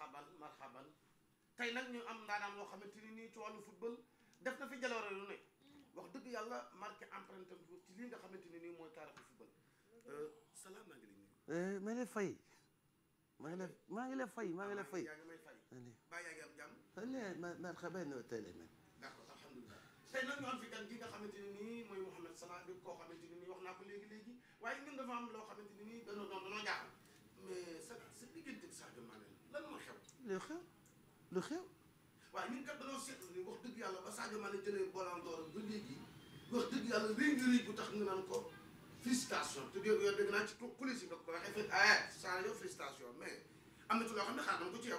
marhaban marhaban tey nag ñu am ndaanaan loo xamante ni nii ci wàllu football def na fi jaloore lu ne wax dëgg yàlla marqué empreinte ci lii nga xamante ni nii mooy taarixu football euh, salaam maa ngi lay nuyu. Euh, maa ngi lay fay. maa ngi lay maa ngi lay fay maa ngi lay ah, fay. yaa ngi may fay. baa yaa ngi am jàmm. ma ma xabaar na tey la mel. d'accord alhamdulilah tey nag ñu am fi gan gi nga xamante ne nii mooy Mouhamed Salah bi koo xamante ne nii wax naa ko léegi léegi waaye ñun dafa am loo xamante ne nii danoo doon danoo jaaxal mais sa sa diggante Sadio Mané lan moo xew. lu xew lu xew. waaw ñun kat dañoo seetlu ni wax dëgg yàlla ba Sadio Mané jëlee Ballon d'Or ba léegi wax dëgg yàlla rëy nga rëy bu tax nga naan ko félicitation te dégg yow dégg naa ci coulisse yi nga ko waxee fekk ah mais am na ci loo xam ne xaar nañ ko ci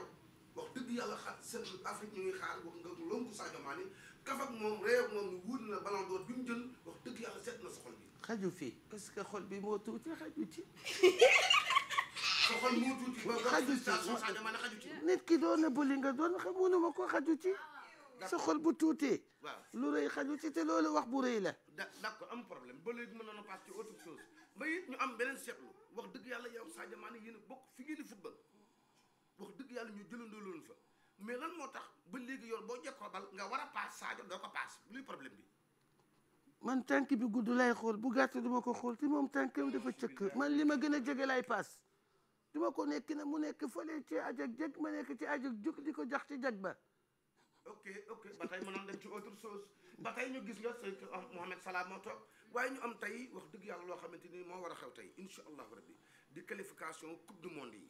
wax dëgg yàlla xaar seen Afrique ñu ngi xaar wax nga lonku Sadio Mané kaf moom réew ak moom ñu wut na Ballon d'Or bi jël wax dëgg yàlla seet na sa xol bi. xaju fii parce que xol bi moo tuuti xaju ci. xool mu tuuti ba xaju ci nit ki doon na bu li nga doon xam mënu ma ko xaju ci. sa xol bu tuutee. lu rëy xaju ci te loolu wax bu rey la. da d'accord am problème ba léegi mën na passe ci autre chose ba it ñu am beneen seetlu wax dëgg yàlla yow Sadio Mané yéen a bokk fi ngeen di football wax dëgg yàlla ñu jëlandoo loolu fa mais lan moo tax ba léegi yoon boo jekkoo bal nga war a passe Sadio doo ko passe luy problème bi. man tànk bi gudd lay xool bu gàtt duma ko xool te moom tànkam dafa cëkk man li ma gën a jege lay passe. du ma ko nekk ne mu nekk fële ci ajak jëg ma nekk ci ajak jug di ko jax ci jag ba ok ok ba tey mënoon dem ci autre chose ba tey ñu gis nga sëñ ah, Mouhamed Salah moo toog waaye ñu am tey wax dëgg yàlla loo xamante ni moo war a xew tey insha allahu rabbi di qualification coupe du monde yi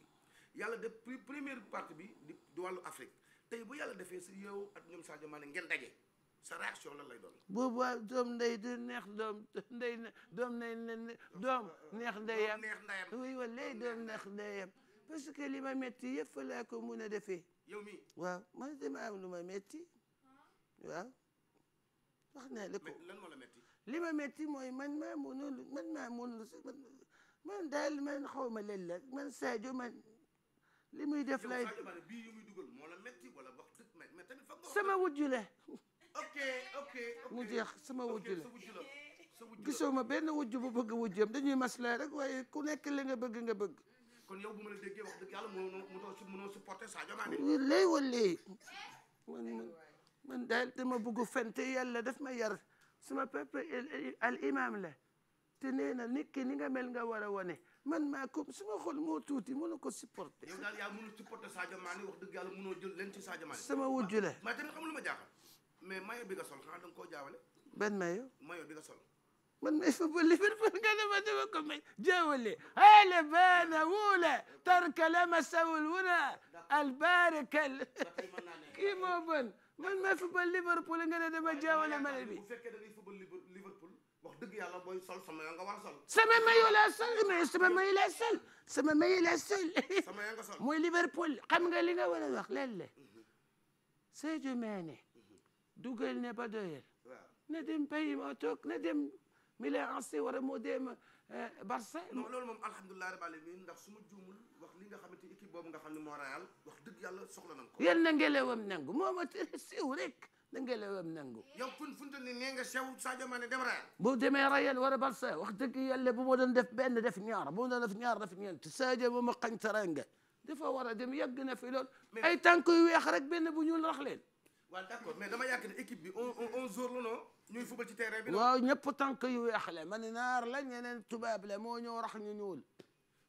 yàlla def première partie bi di wàllu Afrique tey bu yàlla defee si yow ak ñoom Sadio Mané ngeen daje sa réaction lay doon. boobaa doom ndey du neex doom ndey doom nay doom neex ndeyam neex doom neex ndeyam parce que li ma metti yëpp fa laa ko mun defee. yow mii waaw man dama am lu ma metti waaw wax naa la ko metti ma metti mooy man maa mënul man maa mënul man daal man xaw ma leen la man Sadio man li muy def lay. yow Sadio la metti wala wax sama wujju la. mu jeex sama wujj la gisoo ma benn wujj bu bëgg wujjam dañuy maslaa rek waaye ku nekk li nga bëgg nga bëgg. kon yow bu ma la déggee wax dëgg yàlla mënoo mënoo supporter Sadio Mané. lay walee man man man daal dama bëgg fente yàlla daf ma yar suma papa al imam le te nee na nit ni nga mel nga war a wane man maa ko suma xol moo tuuti mënu ko supporter. yow daal yaa mënu supporter Sadio wax dëgg yàlla mënoo jël leen ci Sadio Mané. sama wujj la. ma tamit xam ma jaaxal. mais maillot bi nga sol xanaa da nga koo jaawale. benn maillot sol. ko may jaawale. xale baana wuule tarka la ma sawul wuna albarakal kii moo bon man may fa ba Liverpool nga ne dama jaawale maillot bi. bu fekkee da wax dëgg yàlla booy sol sama yaa nga a sol. sama maillot laa sol mais sama sol sama maillot sol. sama nga Liverpool xam nga li nga war a wax léeg dugal ne ba doyel ne dem pays ma toog ne dem Milan AC wala moo dem eh, Barça non loolu moom alhamdulilah rabbil alamin ndax su ma juumul wax li nga xamante équipe boobu nga xam ne moo Real wax dëgg yàlla soxla nañ ko yéen na ngelewam nangu moo ma tere siw rek na ngelewam nangu yow fun funta ni nee nga sew Sadio Mané dem Real bu demee Real wala Barça wax dëgg yàlla bu ma doon def benn def ñaar bu ma doon def ñaar def ñeent Sadio bu ma xañ teranga dafa war a dem yàgg na fi lool ay tànk yu weex rek benn bu ñuul rax leen waaw d'accord mais dama yàgg ne équipe bi on on onze heures la non ñuy fubal ci terrain bi. waaw ñëpp tànk yu weex la man naar la ñeneen tubaab la moo ñëw rax ñu ñuul.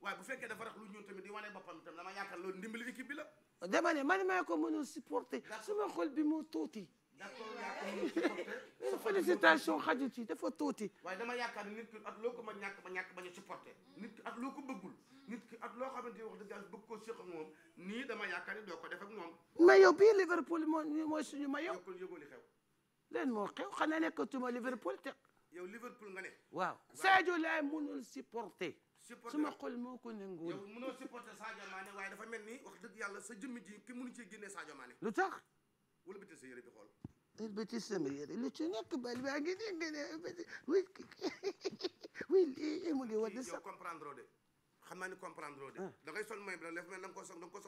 waaye bu fekkee dafa rax lu ñuul tamit di wane boppam itam dama yaakaar loolu ndimbali équipe bi la. dama ne man maa ko mën a supporter. su ma xol bi moo tuuti. d'accord félicitation xaju ci dafa tuuti. waaye dama yaakaar nit ki at loo ko ma ñàkk ma ñàkk bañ a supporté. nit ki at loo ko bëggul. nit ki at loo xamante ni wax dëgg yàlla bëgg ko séq ak moom nii dama yaakaar ni doo ko def ak moom. mais yow bii Liverpool moo mooy suñu ma yow. yëgul li xew. leen moo xew xanaa nekkatuma Liverpool te. yow Liverpool nga ne. waaw Sadio laay mënul supporté. supporté suma xol moo ko nanguwul. yow mënoo supporté Sadio Mané waaye dafa mel ni wax dëgg yàlla sa jëmmi ji ki mënu cee génnee Sadio Mané. lu tax. wala bi sa yëre bi xool. البتي السمير اللي كان يقبل باقي البتي de xam naa ni comprendre de ah. da ngay sol may bi def ko sol danga ko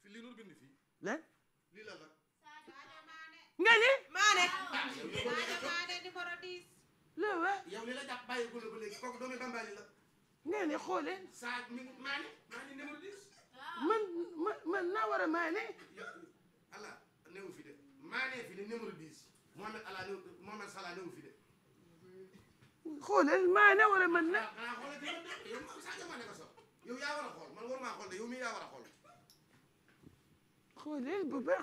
fi lii noonu lan la la nga ni maane maane numéro 10 la wa yow li la jàpp bàyyi ko ba léegi kooku doomi bambali la nga ni xoole man man naa a Mohamed Ala ñëw Mohamed Salah ñëw fi de. xoolal maa ne wala man na. ah xoolal yow Sadio ku baax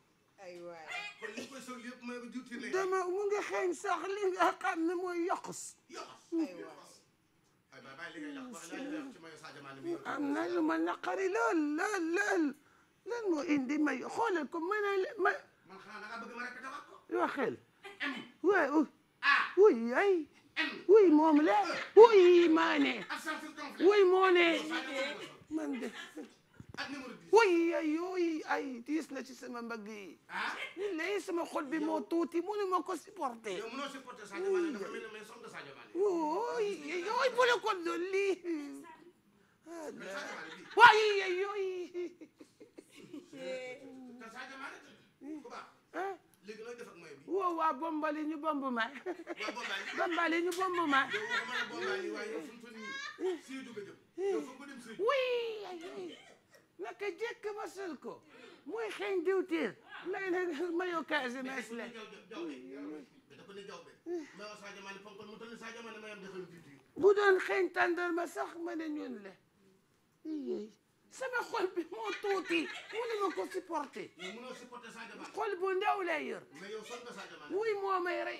ay waay kon li koy sol yëpp may ba juuti ne dama mu ngi xeeñ sax li nga xam ne mooy yoxus ay waay am na lu ma naqari lool lool lool lan moo indi may xoolal ko ma ne ma man xanaa nga bëgg ma rek tabax ko waxel waay wuy ay wuy moom la e. wuy maa ne wuy moo ne man de way ay yooyu ay diis na ci sama mbagg yi ah? ne sama xol bi moo tuuti mënu ma ko supporté wooy yooy bu la ko dolli ah, way ay yooyu waaw waaw bombali ñu bomb ma bombali ñu bomb ma oui naka jekk masal ko muy xeeñ diwtiir lay na mayo kaasi na si la bu doon xeeñ tàndar ma sax ma ne ñun la yéy sama xol bi moo tuuti mënuma ko supporter xol bu ndaw lay yor wuy moo may rey